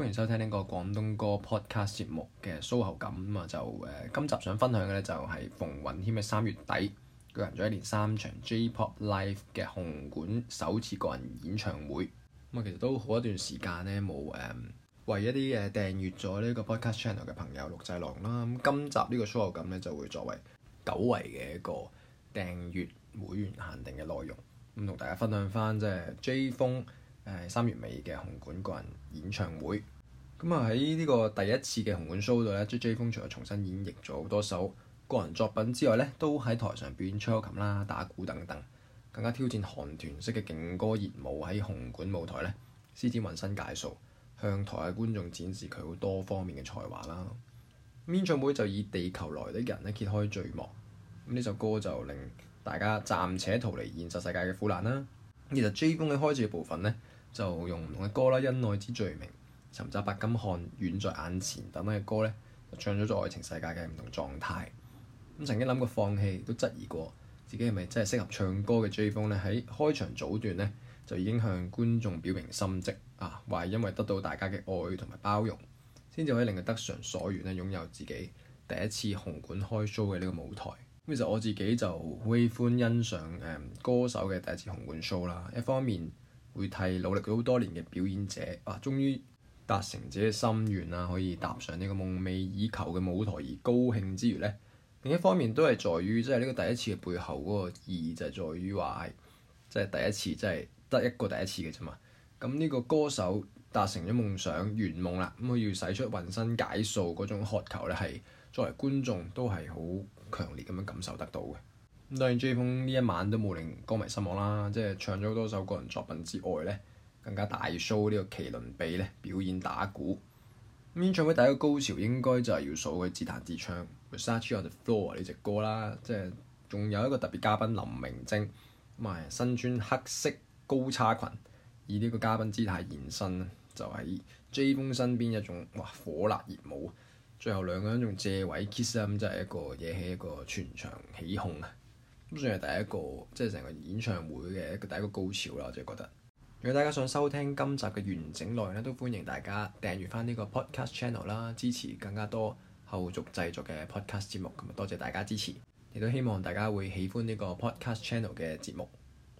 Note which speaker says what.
Speaker 1: 歡迎收聽呢個廣東歌 Podcast 節目嘅 SHOW 後感啊！就誒、呃，今集想分享嘅咧就係馮允謙嘅三月底舉行咗一連三場 JAYPOP LIVE 嘅紅館首次個人演唱會。咁、嗯、啊，其實都好一段時間咧冇誒為一啲嘅訂閱咗呢個 Podcast channel 嘅朋友錄製內容啦。咁、嗯、今集呢個 SHOW 後感咧就會作為久違嘅一個訂閱會員限定嘅內容，咁、嗯、同大家分享翻即係 Jay Fung。三月尾嘅紅館個人演唱會，咁啊喺呢個第一次嘅紅館 show 度咧，Jay Fung 除咗重新演繹咗好多首個人作品之外咧，都喺台上表演吹樂琴啦、打鼓等等，更加挑戰韓團式嘅勁歌熱舞喺紅館舞台咧施展渾身解數，向台下觀眾展示佢好多方面嘅才華啦。演唱會就以《地球來的人》咧揭開序幕，咁呢首歌就令大家暫且逃離現實世界嘅苦難啦。其實 Jay Fung 嘅開始嘅部分咧，就用唔同嘅歌啦，《恩愛之罪名》、《尋找白金漢》、《遠在眼前》等等嘅歌咧，唱咗咗愛情世界嘅唔同狀態。曾經諗過放棄，都質疑過自己係咪真係適合唱歌嘅 Jay Fung 咧，喺開場早段咧，就已經向觀眾表明心跡啊，話係因為得到大家嘅愛同埋包容，先至可以令佢得償所願咧，擁有自己第一次紅館開 show 嘅呢個舞台。其實我自己就好喜歡欣賞歌手嘅第一次紅館 show 啦。一方面會替努力咗好多年嘅表演者啊，終於達成自己嘅心願啦，可以踏上呢個夢寐以求嘅舞台而高興之餘呢。另一方面都係在於即係呢個第一次嘅背後嗰個意義就係在於話係即係第一次，即係得一個第一次嘅啫嘛。咁呢個歌手達成咗夢想、圓夢啦，咁佢要使出渾身解數嗰種渴求呢係作為觀眾都係好，強烈咁樣感受得到嘅，咁當然 Jay Fung 呢一晚都冇令歌迷失望啦，即係唱咗好多首個人作品之外咧，更加大 show 呢個麒麟臂咧表演打鼓。咁演唱會第一個高潮應該就係要數佢自彈自唱《Versace on the Floor》呢隻歌啦，即係仲有一個特別嘉賓林明晶，咁啊身穿黑色高叉裙，以呢個嘉賓姿態現身，就喺 Jay Fung 身邊一種哇火辣熱舞。最後兩個人用借位 kiss 啊，咁即係一個惹起一個全場起哄。啊，咁算係第一個即係成個演唱會嘅一個第一個高潮啦。我即係覺得，如果大家想收聽今集嘅完整內容咧，都歡迎大家訂閱翻呢個 podcast channel 啦，支持更加多後續製作嘅 podcast 節目咁啊，多謝大家支持，亦都希望大家會喜歡呢個 podcast channel 嘅節目。